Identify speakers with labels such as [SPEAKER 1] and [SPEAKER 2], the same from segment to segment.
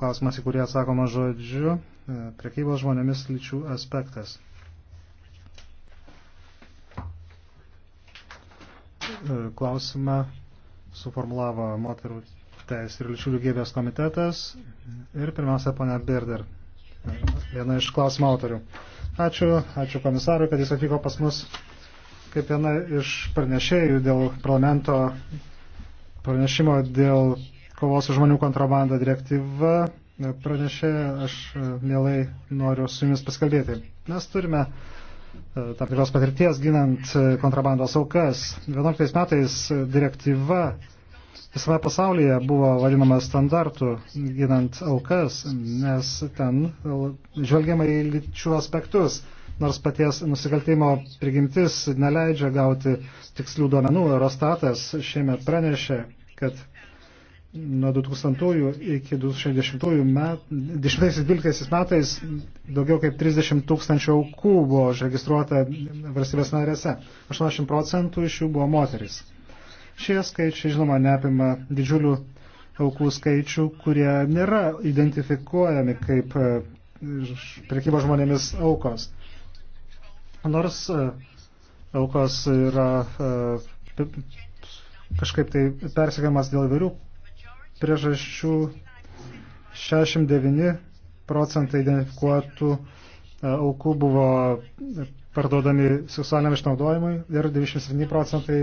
[SPEAKER 1] Klausimas, į kurį atsakoma žodžiu, e, prekybos žmonėmis lyčių aspektas. E, klausimą suformulavo moterų teisų ir lyčių lygybės komitetas ir pirmiausia, ponia Birder, viena iš klausimų autorių. Ačiū, ačiū komisarui, kad jis atvyko pas mus kaip viena iš pranešėjų dėl parlamento pranešimo dėl kovos už žmonių kontrabandą direktyva. E, pranešė, aš e, mielai noriu su jumis paskalbėti. Mes turime e, tam tikros patirties ginant kontrabandos aukas. 11 metais direktyva visame pasaulyje buvo vadinama standartu ginant aukas, nes ten žvelgiama į lyčių aspektus, nors paties nusikaltimo prigimtis neleidžia gauti tikslių duomenų. Eurostatas šiemet pranešė, kad nuo 2000 iki 2010 met, 2012 metais daugiau kaip 30 tūkstančių aukų buvo užregistruota valstybės narėse. 80 procentų iš jų buvo moteris. Šie skaičiai, žinoma, neapima didžiulių aukų skaičių, kurie nėra identifikuojami kaip e, prekybo žmonėmis aukos. Nors e, aukos yra e, kažkaip tai persikiamas dėl įvairių priežasčių 69 procentai identifikuotų e, aukų buvo parduodami seksualiniam išnaudojimui ir 97 procentai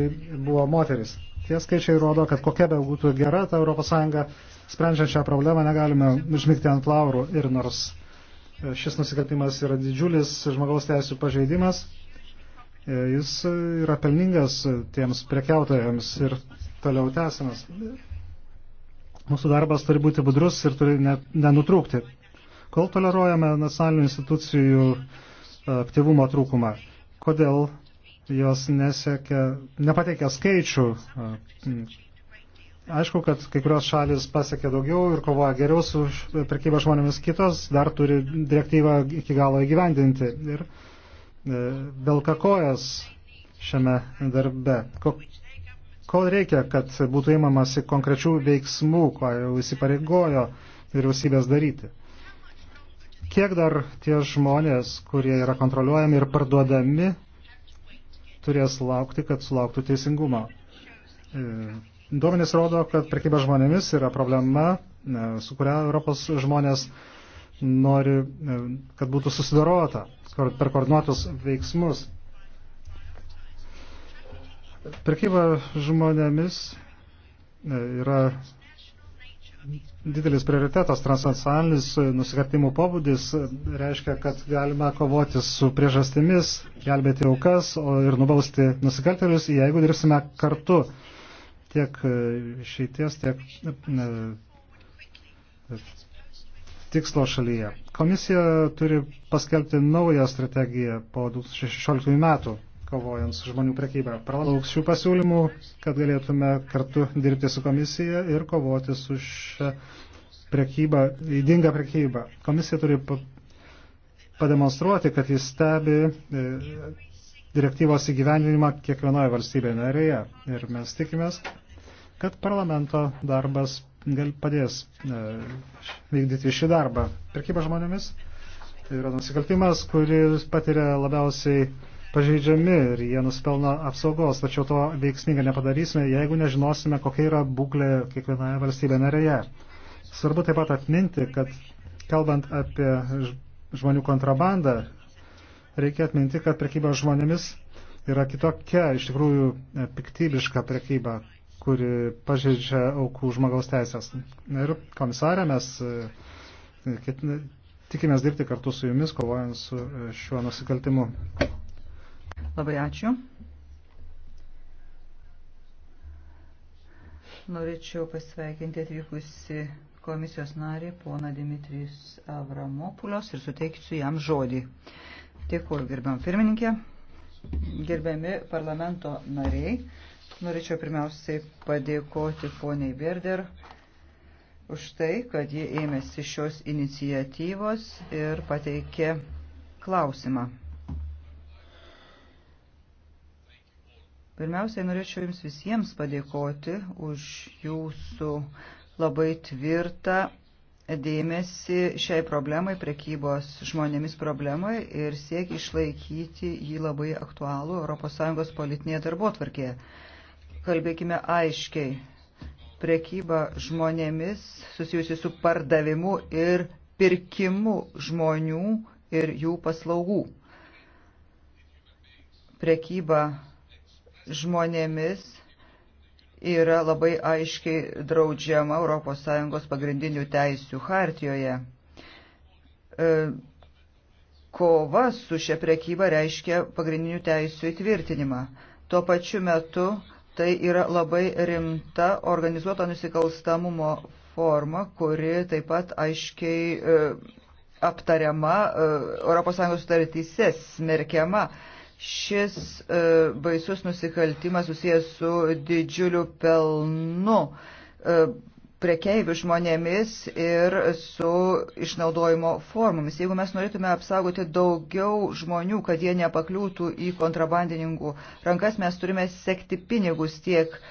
[SPEAKER 1] buvo moteris. Tie skaičiai rodo, kad kokia be būtų gera ta ES, sprendžiant šią problemą negalime užmigti ant laurų ir nors e, šis nusikaltimas yra didžiulis žmogaus teisų pažeidimas, e, jis yra pelningas tiems prekiautojams ir toliau tęsiamas. Mūsų darbas turi būti budrus ir turi ne, nenutrūkti. Kol toleruojame nacionalinių institucijų e, aktyvumo trūkumą, kodėl jos nesiekia, nepateikia skaičių. E, aišku, kad kai kurios šalis pasiekia daugiau ir kovoja geriau su prekyba žmonėmis kitos, dar turi direktyvą iki galo įgyvendinti. Ir e, velkakojas šiame darbe. Kol reikia, kad būtų įmamasi konkrečių veiksmų, ko jau įsipareigojo vyriausybės daryti. Kiek dar tie žmonės, kurie yra kontroliuojami ir parduodami, turės laukti, kad sulauktų teisingumo. E, duomenys rodo, kad prekyba žmonėmis yra problema, e, su kuria Europos žmonės nori, e, kad būtų susidorota per koordinuotus veiksmus. Prekyba žmonėmis e, yra didelis prioritetas, transnacionalinis nusikartimų pobūdis e, reiškia, kad galima kovoti su priežastimis, gelbėti aukas ir nubausti nusikaltelius, jeigu dirbsime kartu tiek e, išeities, tiek ne, tikslo šalyje. Komisija turi paskelbti naują strategiją po 2016 metų kovojant su žmonių prekyba. Pralauks šių pasiūlymų, kad galėtume kartu dirbti su komisija ir kovoti su šią prekybą, įdingą prekybą. Komisija turi pademonstruoti, kad jis stebi e, direktyvos įgyvendinimą kiekvienoje valstybėje narėje. Ir mes tikimės, kad parlamento darbas gal padės e, vykdyti šį darbą. Prekyba žmonėmis tai yra nusikaltimas, kuris patiria labiausiai pažeidžiami ir jie nusipelno apsaugos, tačiau to veiksmingai nepadarysime, jeigu nežinosime, kokia yra būklė kiekvienoje valstybė narėje. Svarbu taip pat atminti, kad kalbant apie žmonių kontrabandą, reikia atminti, kad prekyba žmonėmis yra kitokia, iš tikrųjų e, piktybiška prekyba, kuri pažeidžia aukų žmogaus teisės. Ir komisarė mes e, tikimės dirbti kartu su jumis, kovojant su e, šiuo nusikaltimu.
[SPEAKER 2] Labai ačiū. Norėčiau pasveikinti atvykusi komisijos narį poną Dimitrijus Avramopulios ir suteiksiu jam žodį. Dėkuoju, gerbiam pirmininkė, gerbiami parlamento nariai. Norėčiau pirmiausiai padėkoti poniai Berder už tai, kad ji ėmėsi šios inicijatyvos ir pateikė klausimą. Pirmiausiai norėčiau Jums visiems padėkoti už Jūsų labai tvirtą dėmesį šiai problemai, prekybos žmonėmis problemai ir siekį išlaikyti jį labai aktualų ES politinėje darbo tvarkėje. Kalbėkime aiškiai. Prekyba žmonėmis susijusi su pardavimu ir pirkimu žmonių ir jų paslaugų. Prekyba žmonėmis yra labai aiškiai draudžiama ES pagrindinių teisių hartijoje. E, kova su šia prekyba reiškia pagrindinių teisių įtvirtinimą. Tuo pačiu metu tai yra labai rimta organizuoto nusikalstamumo forma, kuri taip pat aiškiai e, aptariama ES sutartyse, smerkiama. Šis e, baisus nusikaltimas susijęs su didžiuliu pelnu e, prekeivių žmonėmis ir su išnaudojimo formomis. Jeigu mes norėtume apsaugoti daugiau žmonių, kad jie nepakliūtų į kontrabandininkų rankas, mes turime sekti pinigus tiek e,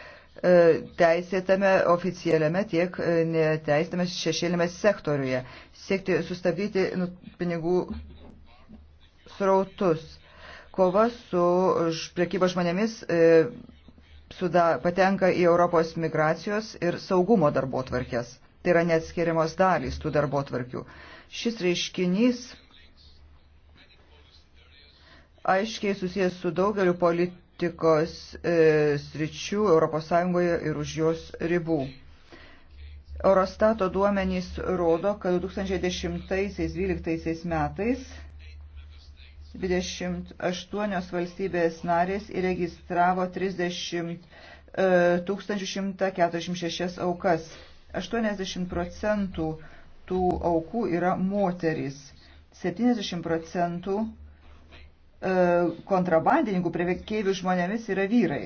[SPEAKER 2] teisėtame oficialiame, tiek e, neteisėtame šešėlėme sektoriuje. Siekti sustabdyti nu, pinigų srautus Kova su prekyba žmonėmis e, suda, patenka į Europos migracijos ir saugumo darbo tvarkės. Tai yra neatskiriamos dalys tų darbo tvarkių. Šis reiškinys aiškiai susijęs su daugeliu politikos e, sričių ES ir už jos ribų. Eurostato duomenys rodo, kad 2010-2012 metais 28 valstybės narės įregistravo 30 1146 e, aukas. 80 procentų tų aukų yra moterys. 70 procentų e, kontrabandininkų priekeivių žmonėmis yra vyrai.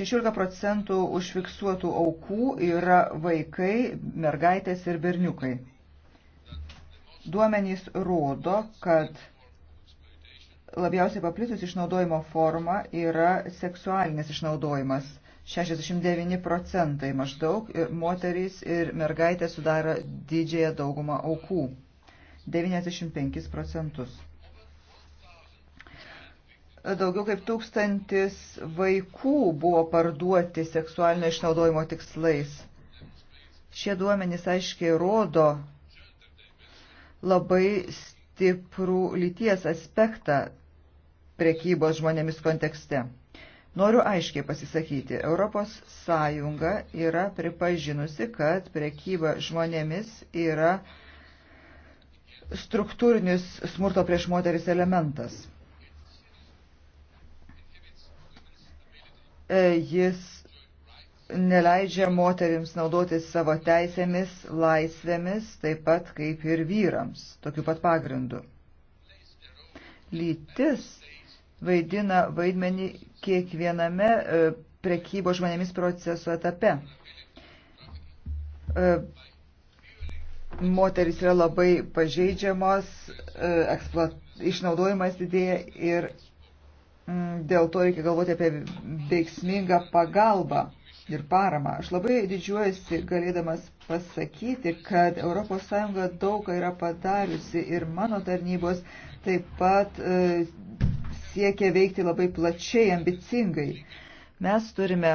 [SPEAKER 2] 16 procentų užfiksuotų aukų yra vaikai, mergaitės ir berniukai. Duomenys rodo, kad labiausiai paplitus išnaudojimo forma yra seksualinis išnaudojimas. 69 procentai maždaug ir moterys ir mergaitė sudaro didžiąją daugumą aukų. 95 procentus. Daugiau kaip tūkstantis vaikų buvo parduoti seksualinio išnaudojimo tikslais. Šie duomenys aiškiai rodo, labai stiprų lyties aspektą prekybos žmonėmis kontekste. Noriu aiškiai pasisakyti, Europos Sąjunga yra pripažinusi, kad prekyba žmonėmis yra struktūrinis smurto prieš moteris elementas. E, jis neleidžia moterims naudotis savo teisėmis, laisvėmis, taip pat kaip ir vyrams, tokiu pat pagrindu. Lytis vaidina vaidmenį kiekviename e, prekybo žmonėmis proceso etape. E, moteris yra labai pažeidžiamos, e, eksploat, išnaudojimas didėja ir mm, dėl to reikia galvoti apie veiksmingą pagalbą ir paramą. Aš labai didžiuojasi galėdamas pasakyti, kad ES daug ką yra padariusi ir mano tarnybos taip pat e, siekia veikti labai plačiai, ambicingai. Mes turime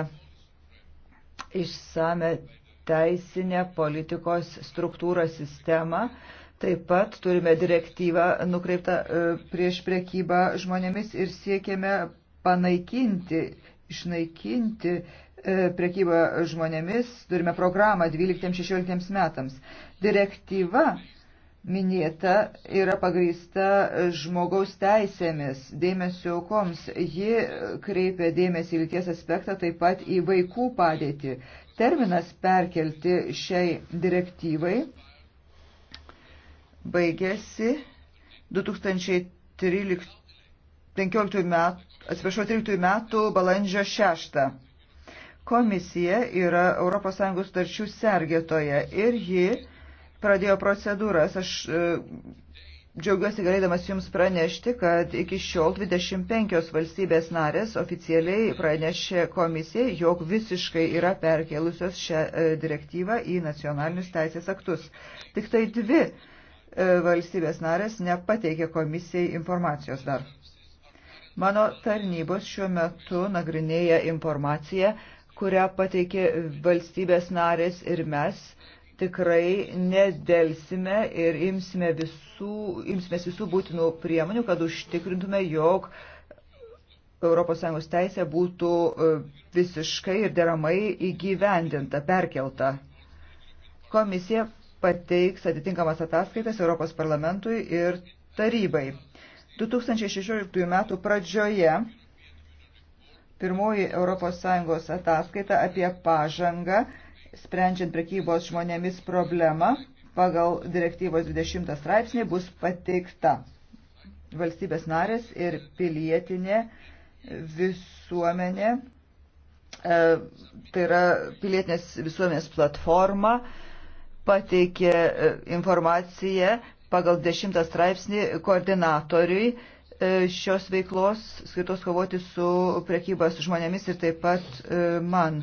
[SPEAKER 2] išsame teisinę politikos struktūrą sistemą. Taip pat turime direktyvą nukreiptą e, prieš priekybą žmonėmis ir siekiame panaikinti, išnaikinti E, priekybą žmonėmis, turime programą 12-16 metams. Direktyva minėta yra pagrįsta žmogaus teisėmis, dėmesio aukoms. Ji kreipia dėmesį į lyties aspektą, taip pat į vaikų padėtį. Terminas perkelti šiai direktyvai baigėsi 2013 15 metų, atsiprašau, 13 metų balandžio 6. Komisija yra ES tarčių sergėtoja ir ji pradėjo procedūras. Aš e, Džiaugiuosi galėdamas Jums pranešti, kad iki šiol 25 valstybės narės oficialiai pranešė komisijai, jog visiškai yra perkėlusios šią e, direktyvą į nacionalinius teisės aktus. Tik tai dvi e, valstybės narės nepateikė komisijai informacijos dar. Mano tarnybos šiuo metu nagrinėja informaciją kurią pateikė valstybės narės ir mes, tikrai nedelsime ir imsime visų, imsimės visų būtinų priemonių, kad užtikrintume, jog ES teisė būtų e, visiškai ir deramai įgyvendinta, perkelta. Komisija pateiks atitinkamas ataskaitas Europos parlamentui ir tarybai. 2016 m. pradžioje pirmoji ES ataskaita apie pažangą, sprendžiant prekybos žmonėmis problemą pagal direktyvos 20 straipsnį bus pateikta valstybės narės ir pilietinė visuomenė, e, tai yra pilietinės visuomenės platforma, pateikė e, informaciją pagal 10 straipsnį koordinatoriui E, šios veiklos skirtos kovoti su prekybas žmonėmis ir taip pat e, man.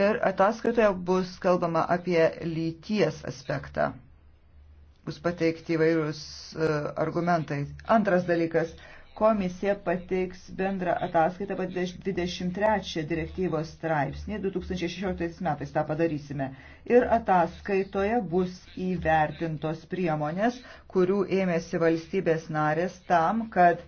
[SPEAKER 2] Ir ataskaitoje bus kalbama apie lyties aspektą. Bus pateikti įvairūs e, argumentai. Antras dalykas Komisija pateiks bendrą ataskaitą pat 23 direktyvos straipsnį 2016 metais tą padarysime. Ir ataskaitoje bus įvertintos priemonės, kurių ėmėsi valstybės narės tam, kad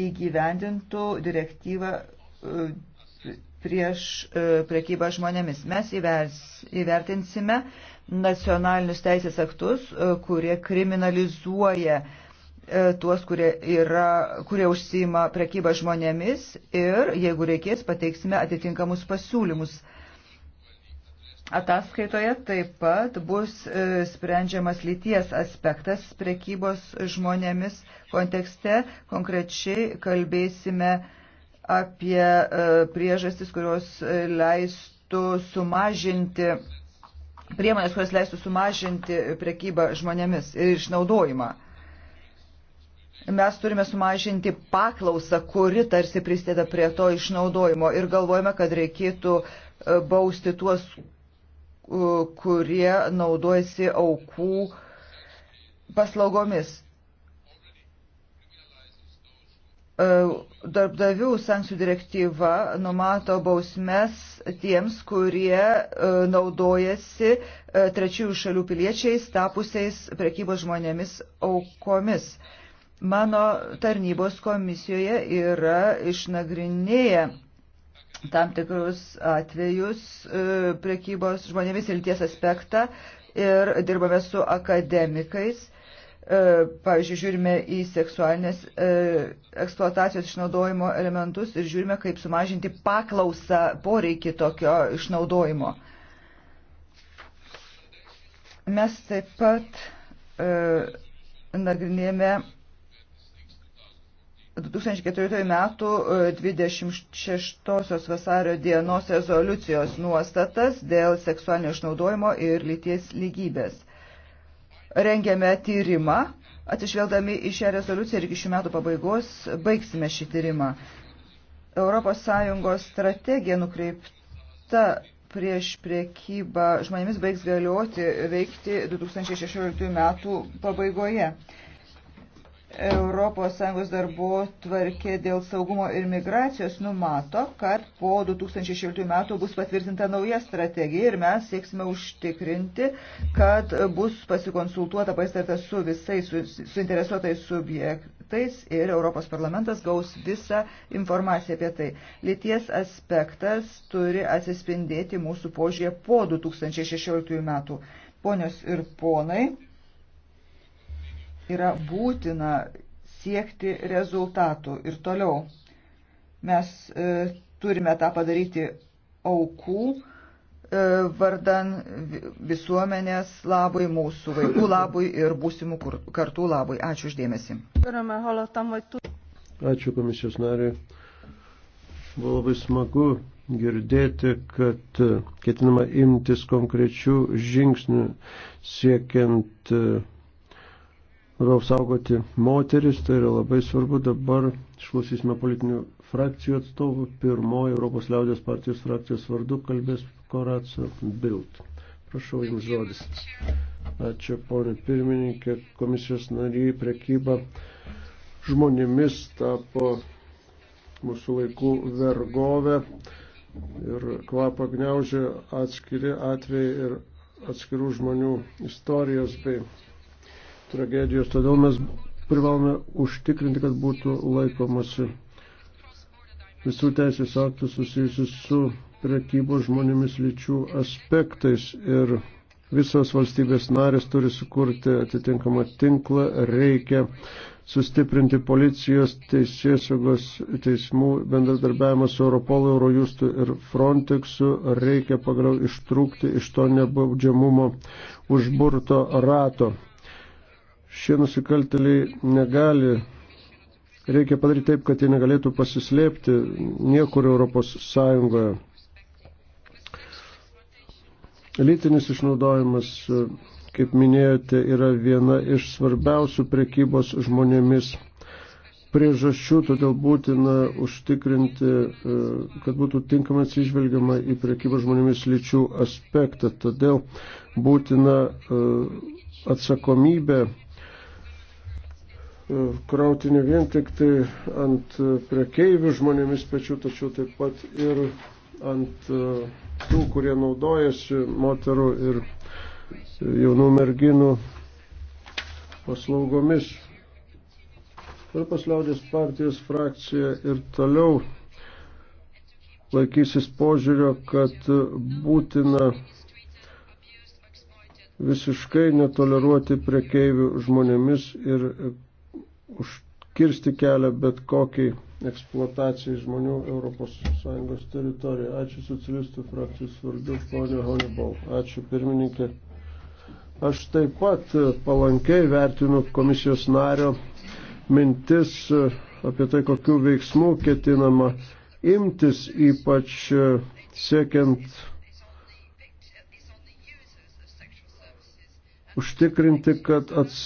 [SPEAKER 2] įgyvendintų direktyvą e, prieš e, prekybą žmonėmis. Mes įvers, įvertinsime nacionalinius teisės aktus, e, kurie kriminalizuoja uh, E, tuos, kurie, yra, kurie užsima prekybą žmonėmis ir, jeigu reikės, pateiksime atitinkamus pasiūlymus. Ataskaitoje taip pat bus e, sprendžiamas lyties aspektas prekybos žmonėmis kontekste. Konkrečiai kalbėsime apie e, priežastis, kurios leistų sumažinti, priemonės, kurios leistų sumažinti prekybą žmonėmis ir išnaudojimą mes turime sumažinti paklausą, kuri tarsi prisideda prie to išnaudojimo ir galvojame, kad reikėtų e, bausti tuos, e, kurie naudojasi aukų paslaugomis. E, darbdavių sankcijų direktyva numato bausmes tiems, kurie naudojasi trečiųjų šalių piliečiais tapusiais prekybos žmonėmis aukomis mano tarnybos komisijoje yra išnagrinėję tam tikrus atvejus e, prekybos žmonėmis ilties aspektą ir dirbame su akademikais. E, pavyzdžiui, žiūrime į seksualinės e, eksploatacijos išnaudojimo elementus ir žiūrime, kaip sumažinti paklausą poreikį tokio išnaudojimo. Mes taip pat nagrinėjame 2014 metų 26 e, vasario dienos rezoliucijos nuostatas dėl seksualinio išnaudojimo ir lyties lygybės. Rengiame tyrimą, atsižvelgdami į šią rezoliuciją ir iki šių metų pabaigos baigsime šį tyrimą. ES strategija nukreipta prieš priekybą žmonėmis baigs galioti veikti 2016 metų pabaigoje. ES darbo tvarkė dėl saugumo ir migracijos numato, kad po 2016 metų bus patvirtinta nauja strategija ir mes sieksime užtikrinti, kad bus pasikonsultuota pasitarta su visais su, suinteresuotais subjektais ir Europos parlamentas gaus visą informaciją apie tai. Lyties aspektas turi atsispindėti mūsų požiūrė po 2016 metų. Ponios ir ponai yra būtina siekti rezultatų ir toliau. Mes e, turime tą padaryti aukų e, vardan visuomenės labui, mūsų vaikų labui ir būsimų kartų labui. Ačiū uždėmesi.
[SPEAKER 3] Ačiū komisijos nariai. Buvo labai smagu girdėti, kad e, ketinama imtis konkrečių žingsnių siekiant e, labiau apsaugoti moteris, tai yra labai svarbu. Dabar išklausysime politinių frakcijų atstovų. Pirmoji Europos liaudės partijos frakcijos vardu kalbės Koraco Bild. Prašau Jums žodis. Ačiū, ponė pirmininkė, komisijos nariai, prekyba žmonėmis tapo mūsų laikų vergovę ir kvapą gniaužė atskiri atvejai ir atskirų žmonių istorijos bei tragedijos. Todėl mes privalome užtikrinti, kad būtų laikomasi visų teisės aktų susijusius su prekybos žmonėmis lyčių aspektais ir visos valstybės narės turi sukurti atitinkamą tinklą, reikia sustiprinti policijos, teisėsaugos, teismų bendradarbiavimą su Europolu, Eurojustu ir Frontexu, reikia pagaliau ištrūkti iš to nebaudžiamumo užburto rato šie nusikalteliai negali, reikia padaryti taip, kad jie negalėtų pasislėpti niekur Europos Sąjungoje. Lytinis išnaudojimas, kaip minėjote, yra viena iš svarbiausių prekybos žmonėmis priežasčių, todėl būtina užtikrinti, kad būtų tinkamai atsižvelgiama į prekybos žmonėmis lyčių aspektą. Todėl būtina e, atsakomybė krauti ne vien tik tai ant prekeivių žmonėmis pečių, tačiau taip pat ir ant e, tų, kurie naudojasi moterų ir jaunų merginų paslaugomis. Europos liaudės partijos frakcija ir toliau laikysis požiūrio, kad būtina visiškai netoleruoti prekeivių žmonėmis ir užkirsti kelią bet kokiai eksploatacijai žmonių ES teritorijoje. Ačiū socialistų frakcijos vardu, ponė Honeybal. Ačiū pirmininkė. Aš taip pat palankiai vertinu komisijos nario mintis apie tai, kokiu veiksmu ketinama imtis, ypač siekiant užtikrinti, kad ats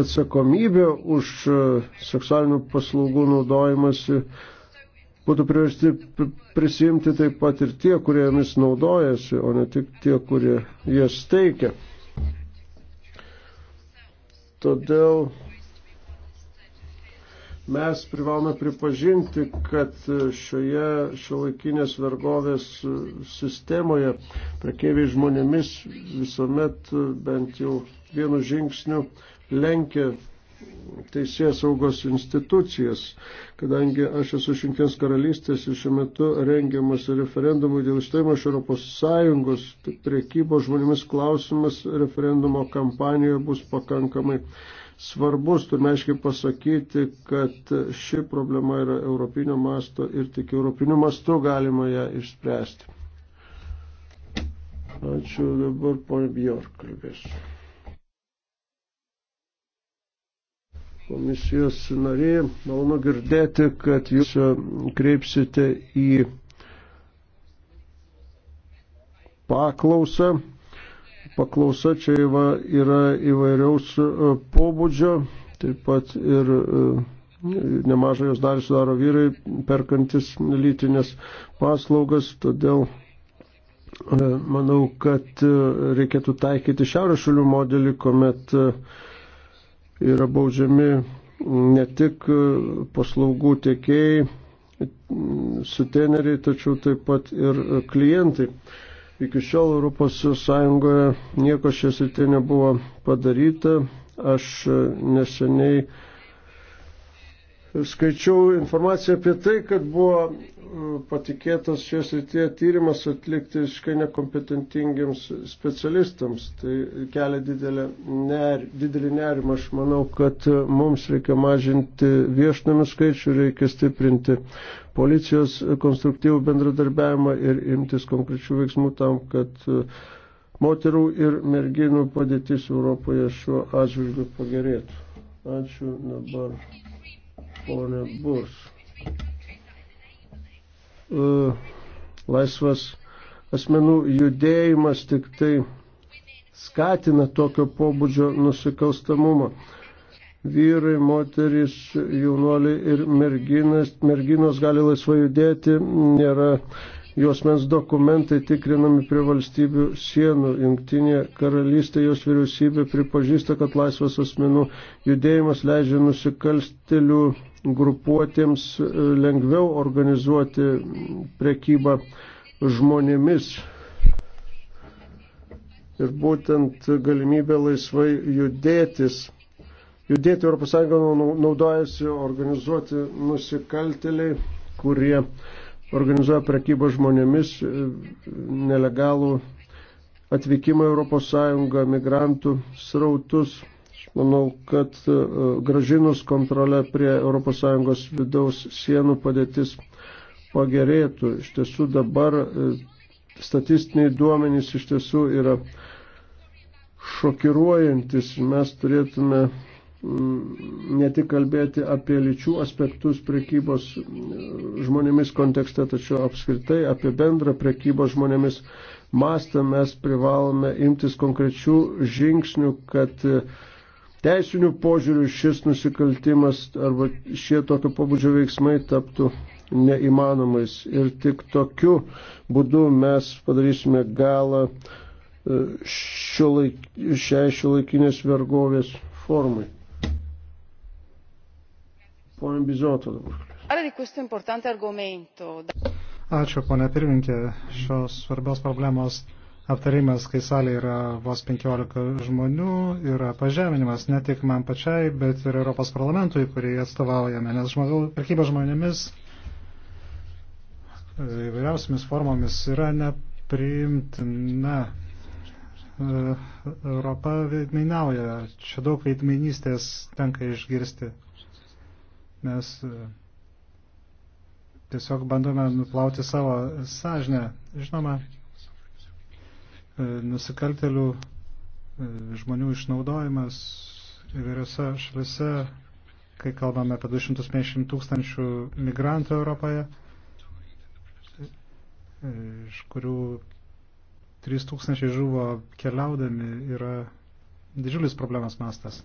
[SPEAKER 3] atsakomybę už e, seksualinių paslaugų naudojimąsi būtų priversti prisimti taip pat ir tie, kurie jomis naudojasi, o ne tik tie, kurie jas teikia. Todėl mes privalome pripažinti, kad šioje šiuolaikinės vergovės sistemoje prekeiviai žmonėmis visuomet bent jau vienu žingsniu lenkia teisės saugos institucijas, kadangi aš esu Šinkės karalystės ir šiuo metu rengiamas referendumų dėl išstojimo iš Europos Sąjungos, tai priekybo žmonėmis klausimas referendumo kampanijoje bus pakankamai svarbus. Turime aiškiai pasakyti, kad ši problema yra europinio masto ir tik europiniu mastu galima ją išspręsti. Ačiū dabar, ponė Bjork, kalbėsiu. komisijos narė, malonu girdėti, kad jūs e, kreipsite į paklausą. Paklausa čia yra įvairiaus e, pobūdžio, taip pat ir e, nemažai jos dalį sudaro vyrai, perkantis lytinės paslaugas, todėl manau, kad reikėtų taikyti šiaurės šalių modelį, kuomet yra baudžiami ne tik paslaugų tiekėjai, suteneriai, tačiau taip pat ir klientai. Iki šiol ES nieko šią sritį nebuvo padaryta. Aš neseniai skaičiau informaciją apie tai, kad buvo e, patikėtas šios rytie tyrimas atlikti visiškai nekompetentingiams specialistams. Tai kelia didelį, ner, didelį nerimą. Aš manau, kad e, mums reikia mažinti viešnamių skaičių, reikia stiprinti policijos konstruktyvų bendradarbiavimą ir imtis konkrečių veiksmų tam, kad e, moterų ir merginų padėtis Europoje šiuo atžvilgiu pagerėtų. Ačiū dabar ponė Burs. E, laisvas asmenų judėjimas tik tai skatina tokio pobūdžio nusikalstamumą. Vyrai, moterys, jaunuoliai ir merginas, merginos gali laisvai judėti, nėra juosmens dokumentai tikrinami prie valstybių sienų. Jungtinė karalystė, jos vyriausybė pripažįsta, kad laisvas asmenų judėjimas leidžia nusikalstelių grupuotėms e, lengviau organizuoti prekybą žmonėmis. Ir būtent galimybė laisvai judėtis. Judėti ES naudojasi organizuoti nusikaltėliai, kurie organizuoja prekybą žmonėmis, e, nelegalų atvykimą ES, migrantų srautus. Manau, kad e, gražinus kontrolę prie ES vidaus sienų padėtis pagerėtų. Iš tiesų dabar e, statistiniai duomenys iš tiesų yra šokiruojantis. Mes turėtume mm, ne tik kalbėti apie lyčių aspektus prekybos e, žmonėmis kontekste, tačiau apskritai apie bendrą prekybos žmonėmis mastą mes privalome imtis konkrečių žingsnių, kad teisinių požiūrių šis nusikaltimas arba šie tokio pabudžio veiksmai taptų neįmanomais. Ir tik tokiu būdu mes padarysime galą e, šio laik, šiai šiolaikinės vergovės formai. Pone Bizoto dabar. Ačiū, pone
[SPEAKER 1] pirminkė, šios svarbios problemos aptarimas, kai salė yra vos 15 žmonių, yra pažeminimas ne tik man pačiai, bet ir Europos parlamentui, kurį atstovaujame, nes žmogau, prekyba žmonėmis e, įvairiausiamis formomis yra nepriimtina. E, Europa veidmainauja, čia daug veidmainystės tenka išgirsti, nes e, tiesiog bandome nuplauti savo sąžinę. Žinoma, E, nusikaltelių e, žmonių išnaudojimas įvairiose šalise, kai kalbame apie 250 tūkstančių migrantų Europoje, e, iš kurių 3 tūkstančiai žuvo keliaudami, yra didžiulis problemas mastas.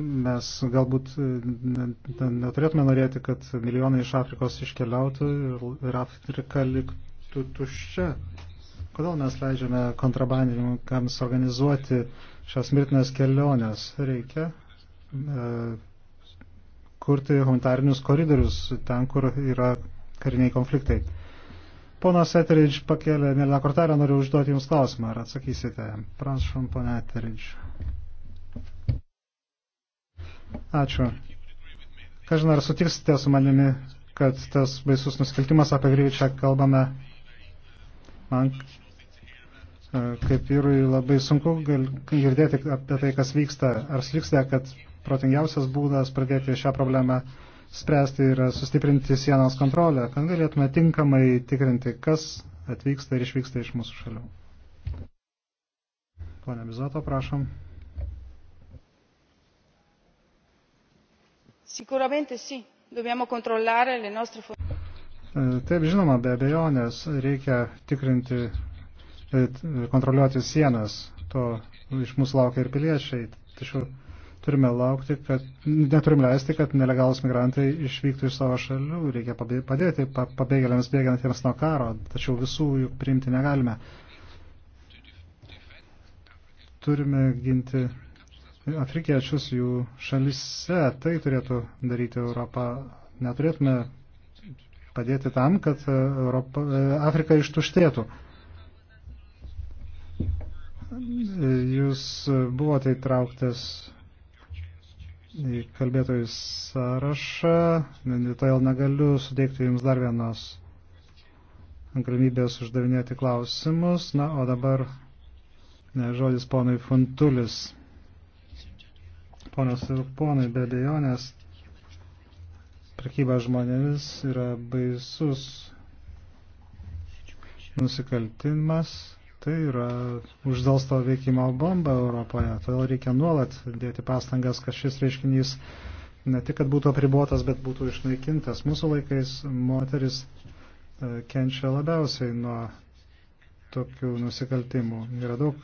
[SPEAKER 1] mes galbūt e, neturėtume norėti, kad milijonai iš Afrikos iškeliautų ir Afrika liktų tuščia. Kodėl mes leidžiame kontrabandininkams organizuoti šias mirtinas keliones? Reikia e, kurti humanitarinius koridorius ten, kur yra kariniai konfliktai. Ponas Eteridž pakėlė mėlyną kortelę, noriu užduoti Jums klausimą, ar atsakysite. Prašom, ponia Eteridž. Ačiū. Kažin ar sutiksite su manimi, kad tas baisus nusikaltimas, apie kurį čia kalbame, man e, kaip vyrui labai sunku girdėti apie tai, kas vyksta. Ar sutiksite, kad protingiausias būdas pradėti šią problemą spręsti yra sustiprinti sienos kontrolę, kad galėtume tinkamai tikrinti, kas atvyksta ir išvyksta iš mūsų šalių. Pone Bizoto, prašom.
[SPEAKER 2] Sicuramente sì, dobbiamo controllare le nostre
[SPEAKER 1] frontiere. Taip, žinoma, be abejonės reikia tikrinti, e, kontroliuoti sienas. To iš mūsų laukia ir piliečiai. Tačiau turime laukti, kad neturim leisti, kad nelegalus migrantai išvyktų iš savo šalių. Reikia padėti pabėgėliams bėgantiems nuo karo, tačiau visų jų priimti negalime. Turime ginti afrikiečius jų šalise. Tai turėtų daryti Europą. Neturėtume padėti tam, kad e, Europa, e, Afrika ištuštėtų. Jūs buvote įtrauktas į kalbėtojų sąrašą, todėl negaliu suteikti Jums dar vienos galimybės uždavinėti klausimus. Na, o dabar ne, žodis ponui Funtulis. Ponios ir ponai, be abejonės, prekyba žmonėmis yra baisus nusikaltimas, tai yra uždalsto veikimo bomba Europoje. Todėl reikia nuolat dėti pastangas, kad šis reiškinys ne tik, kad būtų apribuotas, bet būtų išnaikintas. Mūsų laikais moteris e, kenčia labiausiai nuo tokių nusikaltimų. Yra daug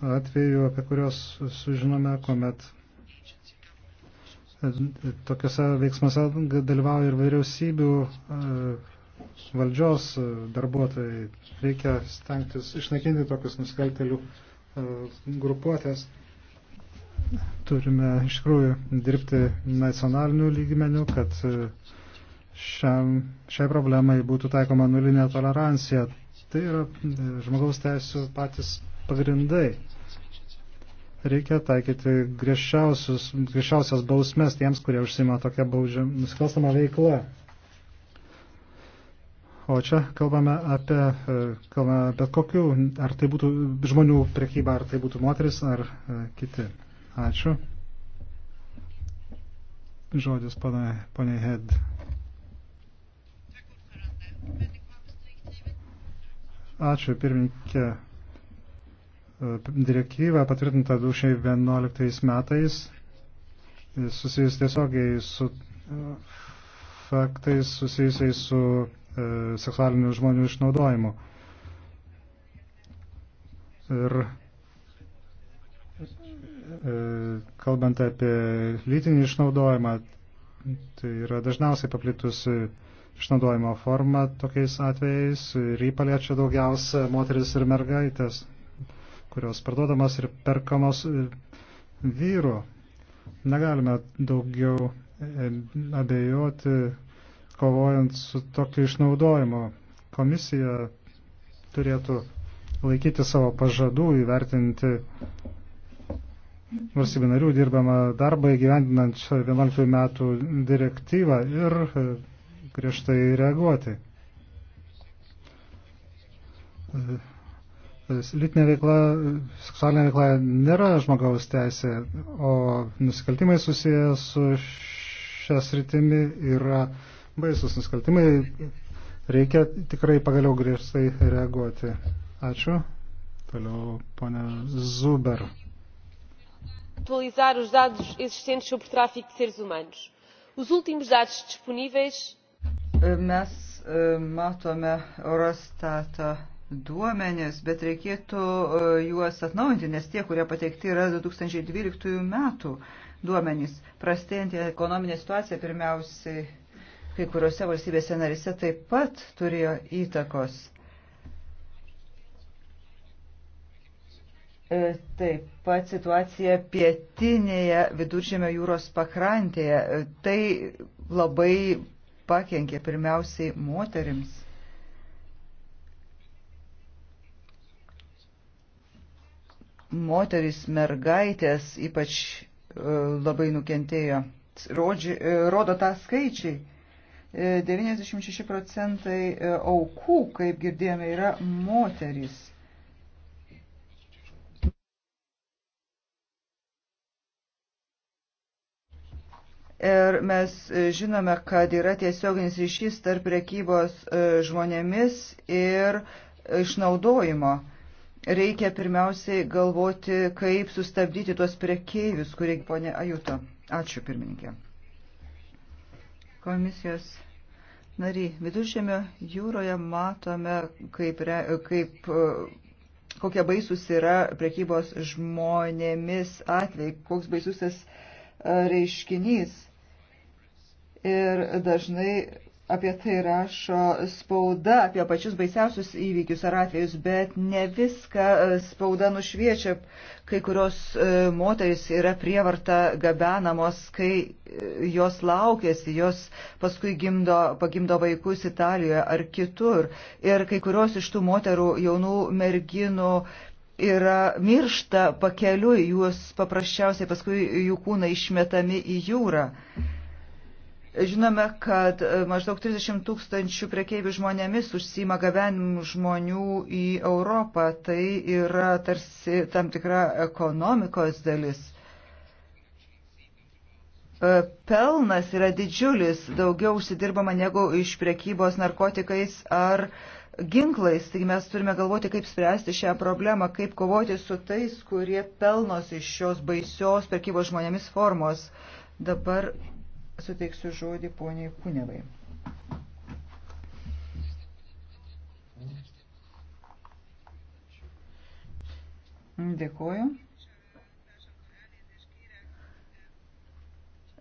[SPEAKER 1] atvejų, apie kuriuos sužinome, kuomet tokiuose veiksmuose dalyvauja ir vyriausybių e, valdžios e, darbuotojai. Reikia stengtis išnaikinti tokius nusikaltelių e, grupuotės. Turime iš tikrųjų dirbti nacionaliniu lygmeniu, kad šiam, šiai problemai būtų taikoma nulinė tolerancija. Tai yra žmogaus teisų patys pagrindai reikia taikyti griežčiausias bausmes tiems, kurie užsima tokią baudžią nusikalstamą veiklą. O čia kalbame apie, e, kalbame apie kokių, ar tai būtų žmonių prekyba, ar tai būtų moteris, ar e, kiti. Ačiū. Žodis poniai Head. Ačiū, pirmininkė direktyva patvirtinta 2011 metais susijus tiesiogiai su faktais susijusiais su e, seksualiniu žmonių išnaudojimu. Ir e, kalbant apie lytinį išnaudojimą, tai yra dažniausiai paplitusi išnaudojimo forma tokiais atvejais ir jį paliečia daugiausia moteris ir mergaitės kurios parduodamas ir perkamos e, vyrų. Negalime daugiau e, abejoti, kovojant su tokiu išnaudojimu. Komisija turėtų laikyti savo pažadų, įvertinti valstybių narių dirbamą darbą įgyvendinant 11 metų direktyvą ir e, griežtai reaguoti. Litinė veikla, seksualinė veikla nėra žmogaus teisė, o nusikaltimai susiję su šią sritimi yra baisus nusikaltimai. Reikia tikrai pagaliau griežtai reaguoti. Ačiū. Toliau, ponė Zuber.
[SPEAKER 2] Atualizar os dados existentes sobre o tráfico de seres humanos. Os últimos dados disponíveis. Mes eh, matome Eurostato duomenis, bet reikėtų e, juos atnaujinti, nes tie, kurie pateikti yra 2012 metų duomenys. Prastėjantį ekonominę situaciją pirmiausiai kai kuriuose valstybėse narise taip pat turėjo įtakos. E, taip pat situacija pietinėje viduržėmio jūros pakrantėje. E, tai labai pakenkė pirmiausiai moterims. moteris, mergaitės ypač e, labai nukentėjo. Rodži, e, rodo tą skaičiai. 96 e, procentai aukų, kaip girdėjome, yra moterys. Ir mes žinome, kad yra tiesioginis ryšys tarp prekybos žmonėmis ir išnaudojimo reikia pirmiausiai galvoti, kaip sustabdyti tuos prekeivius, kurie, ponė Ajuto. Ačiū, pirmininkė. Komisijos nariai, viduržėmio jūroje matome, kaip, re, kaip e, kokie baisus yra prekybos žmonėmis atvejai, koks baisusis e, reiškinys. Ir dažnai apie tai rašo spauda, apie pačius baisiausius įvykius ar atvejus, bet ne viską e, spauda nušviečia. Kai kurios e, moteris yra prievarta gabenamos, kai e, jos laukėsi, jos paskui gimdo, pagimdo vaikus Italijoje ar kitur. Ir kai kurios iš tų moterų jaunų merginų yra miršta pakeliui, juos paprasčiausiai paskui jų kūnai išmetami į jūrą. Žinome, kad e, maždaug 30 tūkstančių prekeivių žmonėmis užsima gabenimu žmonių į Europą. Tai yra tarsi tam tikra ekonomikos dalis. E, pelnas yra didžiulis, daugiau užsidirbama negu iš prekybos narkotikais ar ginklais. Taigi mes turime galvoti, kaip spręsti šią problemą, kaip kovoti su tais, kurie pelnos iš šios baisios prekybos žmonėmis formos. Dabar suteiksiu žodį poniai Kunevai. Dėkuoju.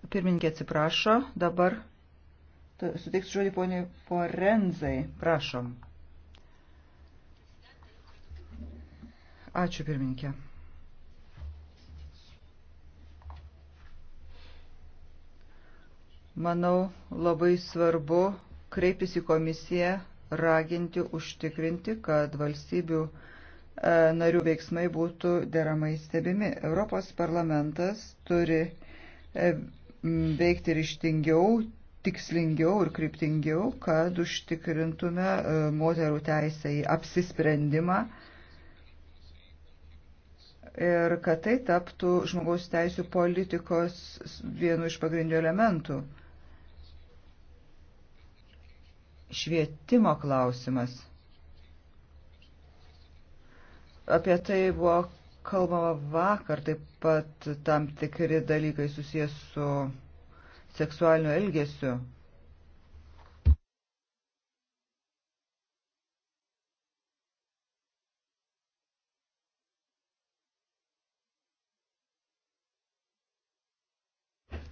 [SPEAKER 2] Pirminkė atsiprašo, dabar suteiksiu žodį poniai Porenzai. Prašom. Ačiū pirminkė. Manau, labai svarbu kreiptis į komisiją, raginti, užtikrinti, kad valstybių e, narių veiksmai būtų deramai stebimi. Europos parlamentas turi e, veikti ryštingiau, tikslingiau ir kryptingiau, kad užtikrintume e, moterų teisę į apsisprendimą ir kad tai taptų žmogaus teisų politikos vienu iš pagrindinių elementų. švietimo klausimas. Apie tai buvo kalbama vakar, taip pat tam tikri dalykai susijęs su seksualiniu elgesiu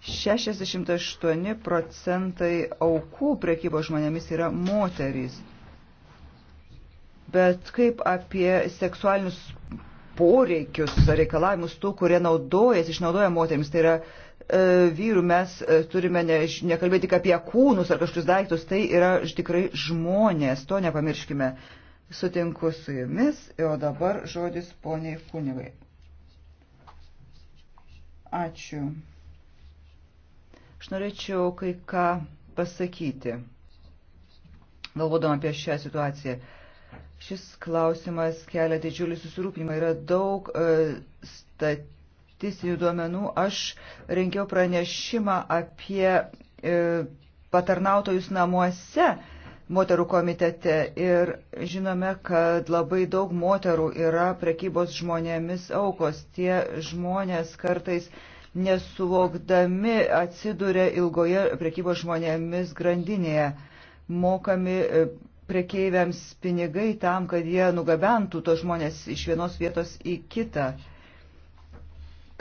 [SPEAKER 2] 68 procentai aukų prekybo žmonėmis yra moterys. Bet kaip apie seksualinius poreikius, reikalavimus tų, kurie naudojasi, išnaudoja moteriams, tai yra e, vyrų mes e, turime ne, nekalbėti tik apie kūnus ar kažkokius daiktus, tai yra tikrai žmonės, to nepamirškime. Sutinku su jumis, o dabar žodis poniai kunigai. Ačiū. Aš norėčiau kai ką pasakyti, galvodama apie šią situaciją. Šis klausimas kelia didžiulį susirūpinimą. Yra daug e, statistinių duomenų. Aš renkiau pranešimą apie e, patarnautojus namuose moterų komitete ir žinome, kad labai daug moterų yra prekybos žmonėmis aukos. Tie žmonės kartais e, nesuvokdami atsiduria ilgoje prekybos žmonėmis grandinėje. Mokami e, prekeiviams pinigai tam, kad jie nugabentų tos žmonės iš vienos vietos į kitą.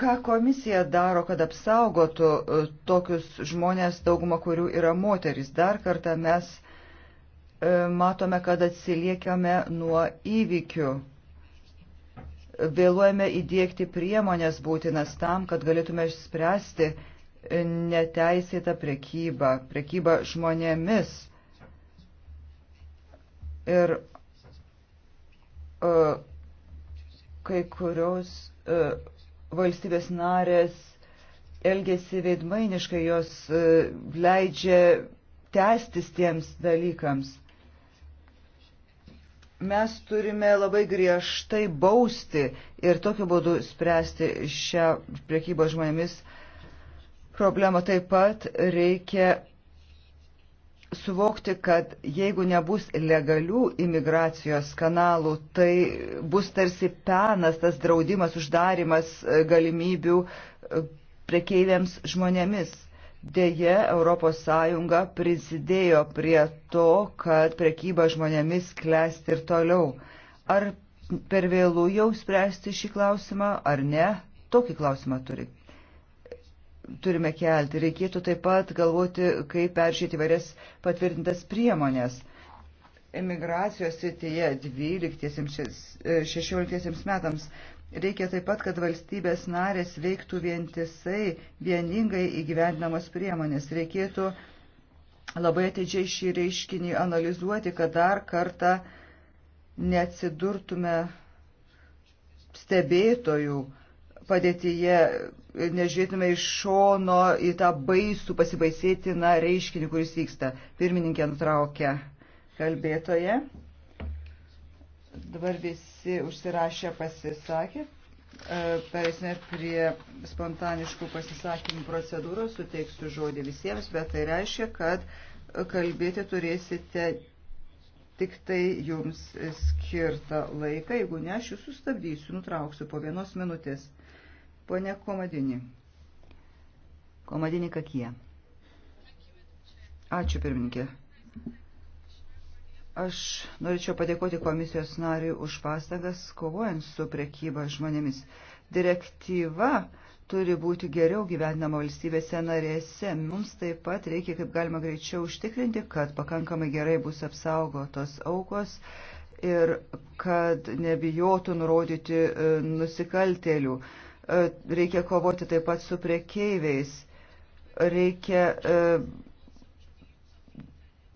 [SPEAKER 2] Ką komisija daro, kad apsaugotų e, tokius žmonės, dauguma kurių yra moteris? Dar kartą mes e, matome, kad atsiliekame nuo įvykių vėluojame įdėkti priemonės būtinas tam, kad galėtume išspręsti neteisėtą prekybą, prekybą žmonėmis. Ir uh, kai kurios uh, valstybės narės elgesi veidmainiškai, jos uh, leidžia tęstis tiems dalykams. Mes turime labai griežtai bausti ir tokiu būdu spręsti šią priekybos žmonėmis problemą. Taip pat reikia suvokti, kad jeigu nebus legalių imigracijos kanalų, tai bus tarsi penas tas draudimas, uždarimas galimybių prekeiviams žmonėmis. Deja, ES prisidėjo prie to, kad prekyba žmonėmis klesti ir toliau. Ar per vėlų jau spręsti šį klausimą, ar ne? Tokį klausimą turi. turime kelti. Reikėtų taip pat galvoti, kaip peržiūrėti vairias patvirtintas priemonės imigracijos srityje 12-16 metams Reikia taip pat, kad valstybės narės veiktų vientisai, vieningai įgyvendinamos priemonės. Reikėtų labai atidžiai šį reiškinį analizuoti, kad dar kartą neatsidurtume stebėtojų padėtyje, nežiūrėtume iš šono į tą baisų pasibaisėtiną reiškinį, kuris vyksta. Pirmininkė nutraukė kalbėtoje. Dabar visi užsirašę pasisakė. E, Perėsime prie spontaniškų pasisakymų procedūros, suteiksiu žodį visiems, bet tai reiškia, kad kalbėti turėsite tik tai jums skirtą laiką, jeigu ne, aš jūs sustabdysiu, nutrauksiu po vienos minutės. Pone Komadini. Komadini kokie? Ačiū pirmininkė. Aš norėčiau padėkoti komisijos nariui už pastangas kovojant su prekyba žmonėmis. Direktyva turi būti geriau gyvenama valstybėse narėse. Mums taip pat reikia kaip galima greičiau užtikrinti, kad pakankamai gerai bus apsaugotos aukos ir kad nebijotų nurodyti e, nusikaltėlių. E, reikia kovoti taip pat su prekeiviais. Reikia e,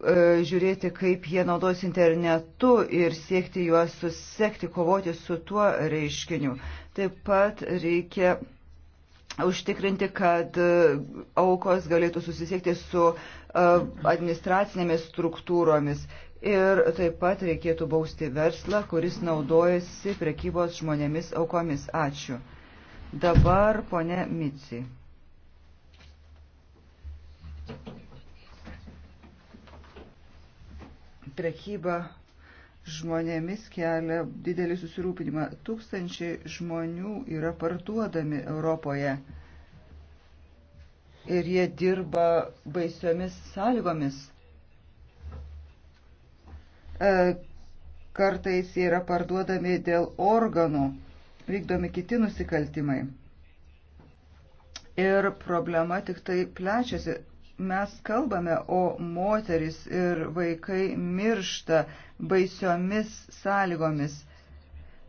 [SPEAKER 2] E, žiūrėti, kaip jie naudos internetu ir siekti juos susekti, kovoti su tuo reiškiniu. Taip pat reikia užtikrinti, kad e, aukos galėtų susisiekti su e, administracinėmis struktūromis. Ir taip pat reikėtų bausti verslą, kuris naudojasi prekybos žmonėmis aukomis. Ačiū. Dabar ponė Mici. prekyba žmonėmis kelia didelį susirūpinimą. Tūkstančiai žmonių yra parduodami Europoje ir jie dirba baisiomis sąlygomis. E, kartais jie yra parduodami dėl organų, vykdomi kiti nusikaltimai. Ir problema tik tai plečiasi mes kalbame, o moteris ir vaikai miršta baisiomis sąlygomis.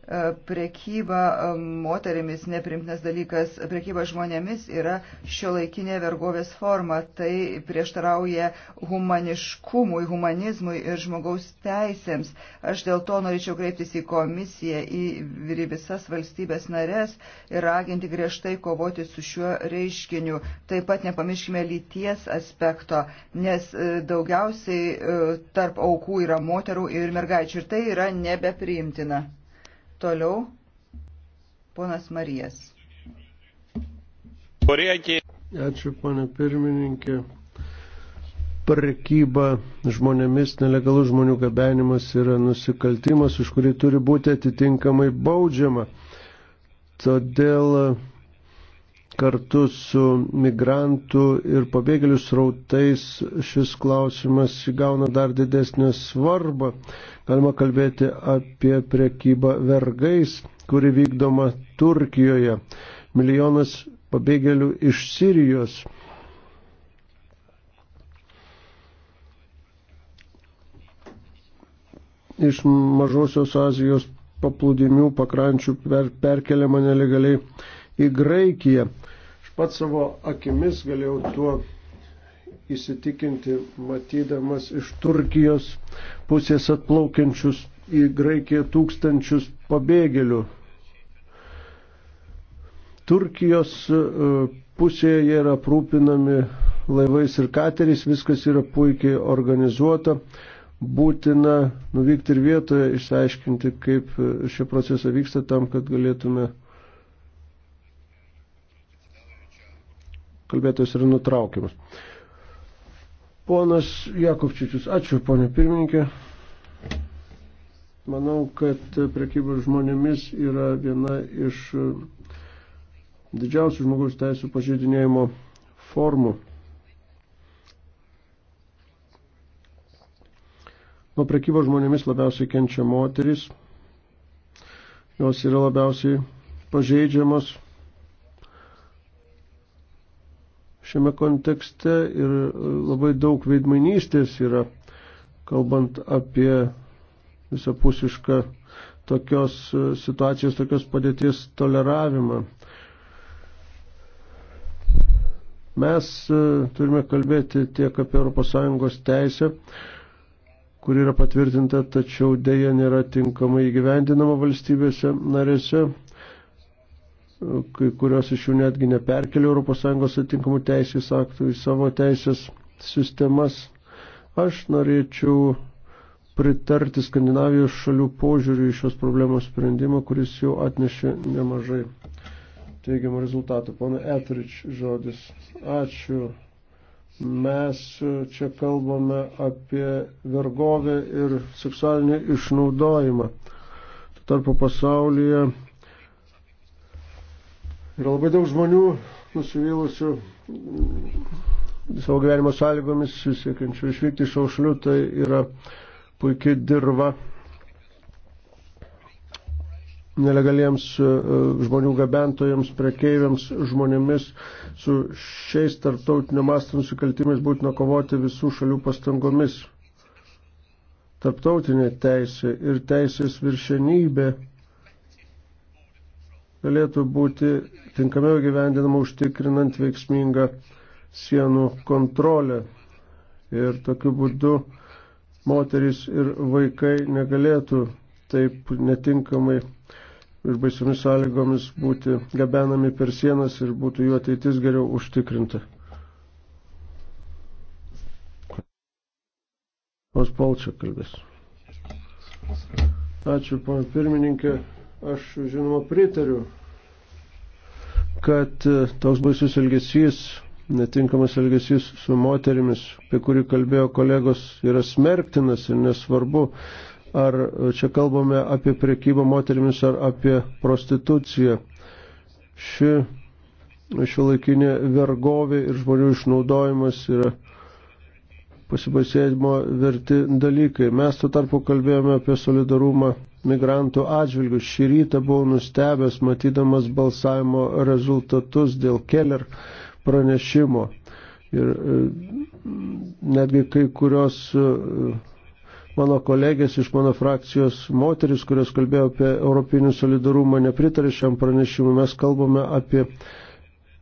[SPEAKER 2] E, prekyba e, moterimis neprimtinas dalykas, prekyba žmonėmis yra šio laikinė vergovės forma. Tai prieštarauja humaniškumui, humanizmui ir žmogaus teisėms. Aš dėl to norėčiau kreiptis į komisiją, į visas valstybės narės ir raginti griežtai kovoti su šiuo reiškiniu. Taip pat nepamirškime lyties aspekto, nes e, daugiausiai tarp aukų yra moterų ir mergaičių. Ir tai yra nebepriimtina. Toliau ponas Marijas.
[SPEAKER 3] Ačiū, ponė pirmininkė. Prekyba žmonėmis, nelegalų žmonių gabenimas yra nusikaltimas, už kurį turi būti atitinkamai baudžiama. Todėl kartu su migrantų ir pabėgėlių srautais šis klausimas įgauna dar didesnį svarbą. Galima kalbėti apie prekybą vergais, kuri vykdoma Turkijoje. Milijonas pabėgėlių iš Sirijos. Iš mažosios Azijos paplūdimių pakrančių per, perkeliama nelegaliai į Graikiją pats savo akimis galėjau tuo įsitikinti, matydamas iš Turkijos pusės atplaukiančius į Graikiją tūkstančius pabėgėlių. Turkijos e, pusėje jie yra aprūpinami laivais ir kateriais, viskas yra puikiai organizuota. Būtina nuvykti ir vietoje, išsiaiškinti, kaip e, šie procesai vyksta tam, kad galėtume kalbėtojas yra nutraukiamas. Ponas Jakovčičius, ačiū, ponė pirmininkė. Manau, kad prekybos žmonėmis yra viena iš didžiausių žmogaus teisų pažeidinėjimo formų. Nuo prekybos žmonėmis labiausiai kenčia moteris, jos yra labiausiai pažeidžiamos šiame kontekste ir labai daug veidmainystės yra, kalbant apie visapusišką tokios e, situacijos, tokios padėties toleravimą. Mes e, turime kalbėti tiek apie ES teisę, kuri yra patvirtinta, tačiau dėja nėra tinkamai įgyvendinama valstybėse narėse kai kurios iš jų netgi neperkelia ES atinkamų teisės aktų į savo teisės sistemas. Aš norėčiau pritarti Skandinavijos šalių požiūriui į šios problemos sprendimą, kuris jau atnešė nemažai teigiamų rezultatų. Pana Etrič žodis. Ačiū. Mes čia kalbame apie vergovę ir seksualinį išnaudojimą. Tarpo pasaulyje Yra labai daug žmonių nusivylusių mm, savo gyvenimo sąlygomis, siekiančių išvykti iš aušlių, tai yra puikiai dirba nelegaliems e, žmonių gabentojams, prekeiviams, žmonėmis. Su šiais tarptautinio masto nusikaltimais būtina kovoti visų šalių pastangomis. Tarptautinė teisė ir teisės viršenybė galėtų būti tinkamiau gyvendinama užtikrinant veiksmingą sienų kontrolę. Ir tokiu būdu moterys ir vaikai negalėtų taip netinkamai ir baisiomis sąlygomis būti gabenami per sienas ir būtų jų ateitis geriau užtikrinta. Os Polčia kalbės. Ačiū, pana pirmininkė. Aš žinoma pritariu, kad e, toks baisus elgesys, netinkamas elgesys su moterimis, apie kurį kalbėjo kolegos, yra smerktinas ir nesvarbu, ar čia kalbame apie priekybą moterimis ar apie prostituciją. Ši šiuolaikinė vergovė ir žmonių išnaudojimas yra pasibaisėjimo verti dalykai. Mes tuo tarpu kalbėjome apie solidarumą migrantų atžvilgių. Šį rytą buvau nustebęs, matydamas balsavimo rezultatus dėl Keller pranešimo. Ir e, netgi kai kurios e, mano kolegės iš mano frakcijos moteris, kurios kalbėjo apie europinį solidarumą, nepritarė šiam pranešimui. Mes kalbame apie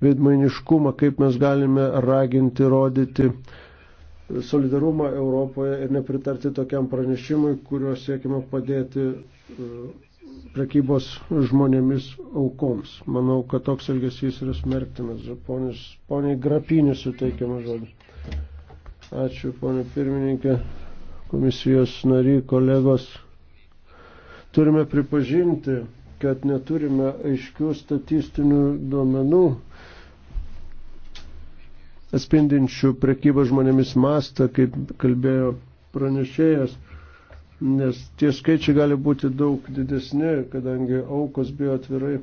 [SPEAKER 3] veidmainiškumą, kaip mes galime raginti, rodyti solidarumą Europoje ir nepritarti tokiam pranešimui, kuriuo siekime padėti e, prekybos žmonėmis aukoms. Manau, kad toks elgesys yra smerktinas. Ponis, poniai Grapinį suteikiamą žodį. Ačiū, ponė pirmininkė, komisijos nary, kolegos. Turime pripažinti, kad neturime aiškių statistinių duomenų atspindinčių prekybą žmonėmis mastą, kaip kalbėjo pranešėjas, nes tie skaičiai gali būti daug didesni, kadangi aukos bijo atvirai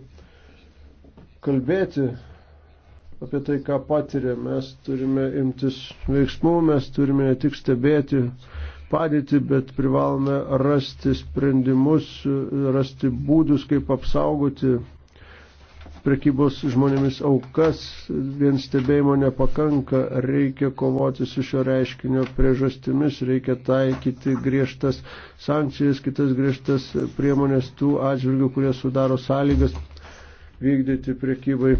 [SPEAKER 3] kalbėti apie tai, ką patiria. Mes turime imtis veiksmų, mes turime ne tik stebėti padėtį, bet privalome rasti sprendimus, rasti būdus, kaip apsaugoti prekybos žmonėmis aukas, vien stebėjimo nepakanka, reikia kovoti su šio reiškinio priežastimis, reikia taikyti griežtas sankcijas, kitas griežtas priemonės tų atžvilgių, kurie sudaro sąlygas vykdyti priekybai e,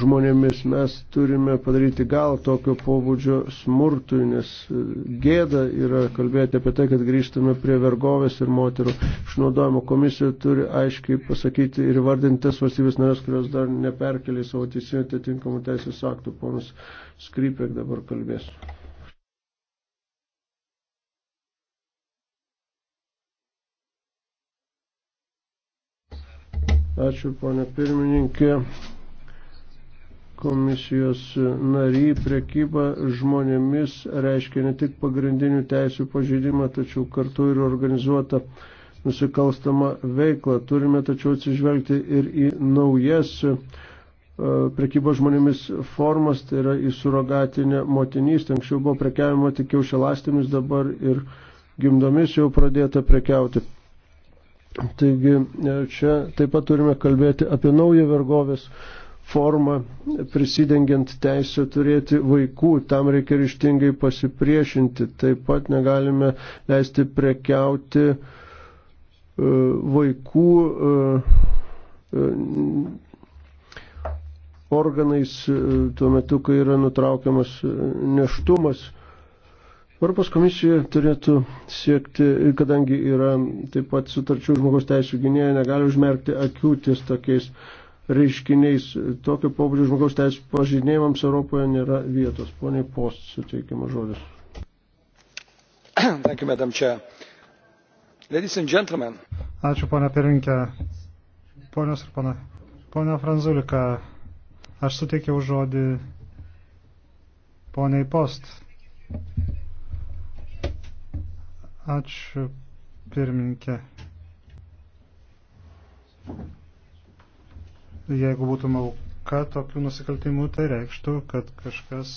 [SPEAKER 3] žmonėmis. Mes turime padaryti gal tokio pobūdžio smurtui, nes e, gėda yra kalbėti apie tai, kad grįžtame prie vergovės ir moterų išnaudojimo. Komisija turi aiškiai pasakyti ir vardintas valstybės narės, kurios dar neperkelė savo teisėjų atitinkamų teisės aktų. Ponas Skrypek dabar kalbės. Ačiū, ponė pirmininkė. Komisijos nariai prekyba žmonėmis reiškia ne tik pagrindinių teisų pažeidimą, tačiau kartu ir organizuotą nusikalstamą veiklą. Turime tačiau atsižvelgti ir į naujas e, prekybo žmonėmis formas, tai yra į surogatinę motinystę. Anksčiau buvo prekiavimo tik kiaušialastėmis, dabar ir gimdomis jau pradėta prekiauti. Taigi e, čia taip pat turime kalbėti apie naują vergovės formą, prisidengiant teisę turėti vaikų, tam reikia ryštingai pasipriešinti. Taip pat negalime leisti prekiauti e, vaikų e, organais tuo metu, kai yra nutraukiamas neštumas Europos komisija turėtų siekti, kadangi yra taip pat sutarčių žmogaus teisų gynėja, negali užmerkti akių ties tokiais reiškiniais. Tokio pobūdžio žmogaus teisų pažinėjimams Europoje nėra vietos. Pone Post suteikiamas žodis.
[SPEAKER 1] Thank you, Madam Chair. Ladies and gentlemen. Ačiū, ponia Pirinkė. Ponios ir pana. Pone Franzulika, aš suteikiau žodį poniai Post. Ačiū, pirmininkė. Jeigu būtum auka tokių nusikaltimų, tai reikštų, kad kažkas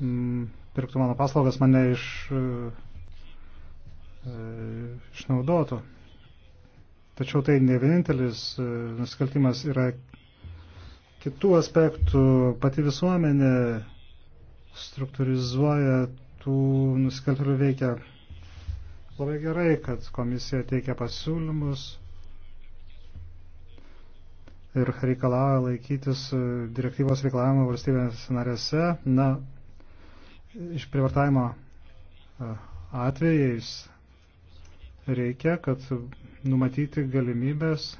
[SPEAKER 1] mm, pirktų mano paslaugas, mane iš, e, išnaudotų. Tačiau tai ne vienintelis e, nusikaltimas yra kitų aspektų. Pati visuomenė struktūrizuoja tų nusikaltėlių veikia Labai gerai, kad komisija teikia pasiūlymus ir reikalauja laikytis direktyvos reikalavimo valstybės narėse. Na, iš privartavimo atvejais reikia, kad numatyti galimybės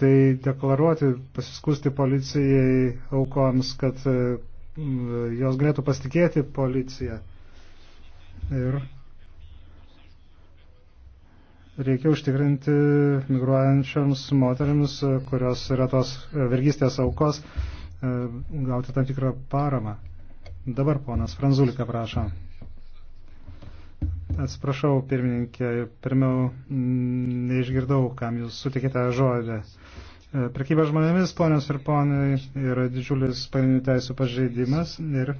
[SPEAKER 1] tai deklaruoti, pasiskusti policijai aukoms, kad Mm, jos galėtų pasitikėti policiją. Ir reikia užtikrinti migruojančiams moteriams, kurios yra tos vergystės aukos, e, gauti tam tikrą paramą. Dabar ponas Franzulika prašo. Atsiprašau, pirmininkė, pirmiau mm, neišgirdau, kam jūs sutikite žodį. E, prekyba žmonėmis, ponios ir ponai, yra didžiulis pagrindinių teisų pažeidimas ir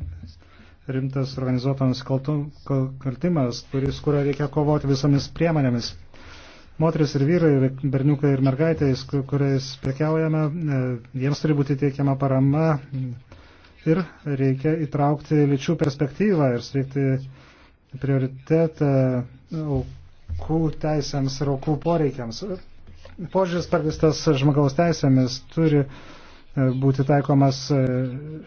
[SPEAKER 1] rimtas organizuoto nusikaltimas, kuris, kurio reikia kovoti visomis priemonėmis. Moteris ir vyrai, berniukai ir mergaitės, kuriais prekiaujame, e, jiems turi būti teikiama parama ir reikia įtraukti lyčių perspektyvą ir sveikti prioritetą aukų teisėms ir aukų poreikiams požiūris pagristas žmogaus teisėmis turi e, būti taikomas e,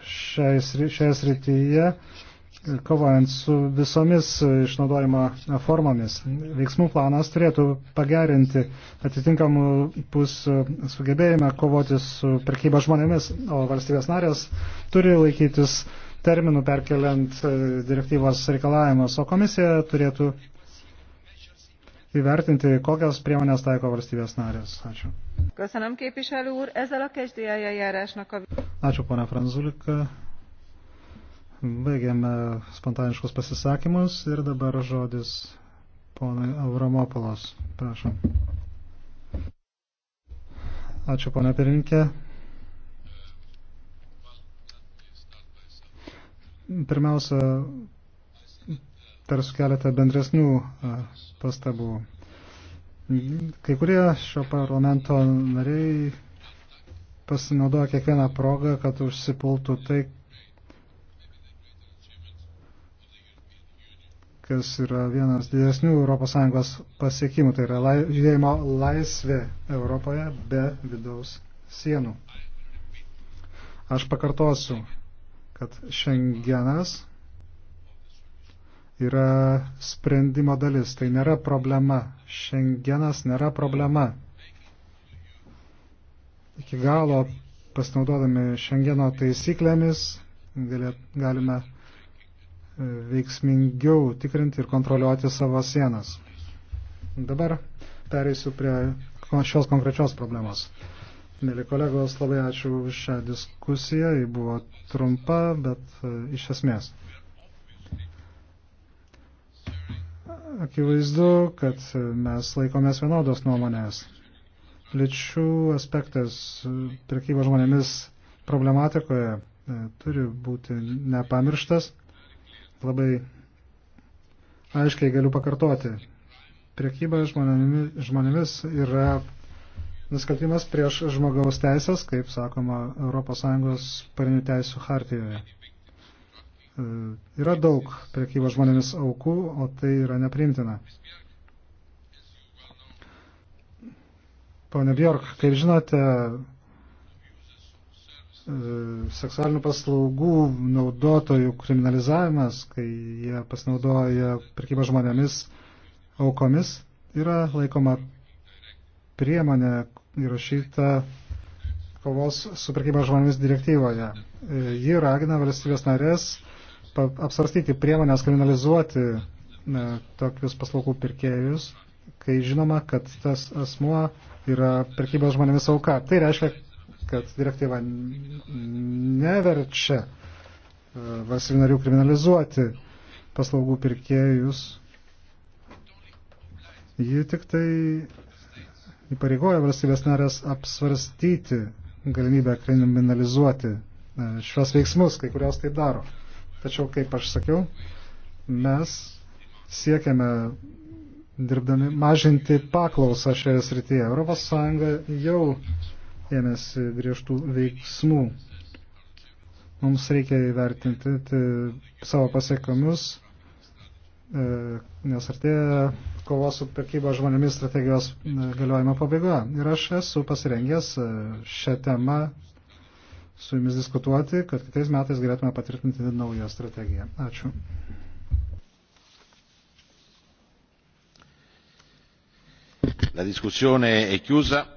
[SPEAKER 1] šioje srityje, e, kovojant su visomis išnaudojimo formomis. Veiksmų planas turėtų pagerinti atitinkamų pusių sugebėjimą kovoti su prekyba žmonėmis, o valstybės narės turi laikytis terminų perkeliant direktyvos reikalavimus, o komisija turėtų įvertinti, kokias priemonės taiko valstybės narės. Ačiū. Ačiū, ponia Franzulika. Baigėme spontaniškus pasisakymus ir dabar žodis ponai Avramopolos. Prašom. Ačiū, ponia pirinkė. Pirmiausia, per keletą bendresnių pastabų. Kai kurie šio parlamento nariai pasinaudoja kiekvieną progą, kad užsipultų tai, kas yra vienas didesnių ES pasiekimų, tai yra lai, judėjimo laisvė Europoje be vidaus sienų. Aš pakartosiu, kad šiandienas yra sprendimo dalis, tai nėra problema. Šengenas nėra problema. Iki galo pasinaudodami Šengeno taisyklėmis galime e, veiksmingiau tikrinti ir kontroliuoti savo sienas. Dabar pereisiu prie šios konkrečios problemos. Mėly kolegos, labai ačiū už šią diskusiją. Ji buvo trumpa, bet e, iš esmės. Akivaizdu, kad mes laikomės vienodos nuomonės. Lyčių aspektas prekybo žmonėmis problematikoje e, turi būti nepamirštas. Labai aiškiai galiu pakartoti. Prekyba žmonėmis, žmonėmis yra nusikaltimas prieš žmogaus teisės, kaip sakoma ES parinių teisų hartijoje. E, yra daug prekybos žmonėmis aukų, o tai yra nepriimtina. Pone Bjork, kaip žinote, e, seksualinių paslaugų naudotojų kriminalizavimas, kai jie pasinaudoja prekybą žmonėmis aukomis, yra laikoma priemonė įrašyta kovos su prekyba žmonėmis direktyvoje. E, ji ragina valstybės narės apsvarstyti priemonės kriminalizuoti ne, tokius paslaugų pirkėjus, kai žinoma, kad tas asmuo yra prekybos žmonėmis auka. Tai reiškia, kad direktyva neverčia e, valstybių narių kriminalizuoti paslaugų pirkėjus. Ji tik tai įpareigoja valstybės narės apsvarstyti galimybę kriminalizuoti e, šios veiksmus, kai kurios tai daro. Tačiau, kaip aš sakiau, mes siekiame dirbdami mažinti paklausą šioje srityje. Europos Sąjunga jau ėmėsi griežtų veiksmų. Mums reikia įvertinti tai, savo pasiekomius, e, nes artėja kovos su prekyba žmonėmis strategijos e, galiojimo pabaiga. Ir aš esu pasirengęs e, šią temą su jumis diskutuoti, kad kitais metais galėtume patvirtinti naują strategiją. Ačiū.
[SPEAKER 3] La discussione è chiusa.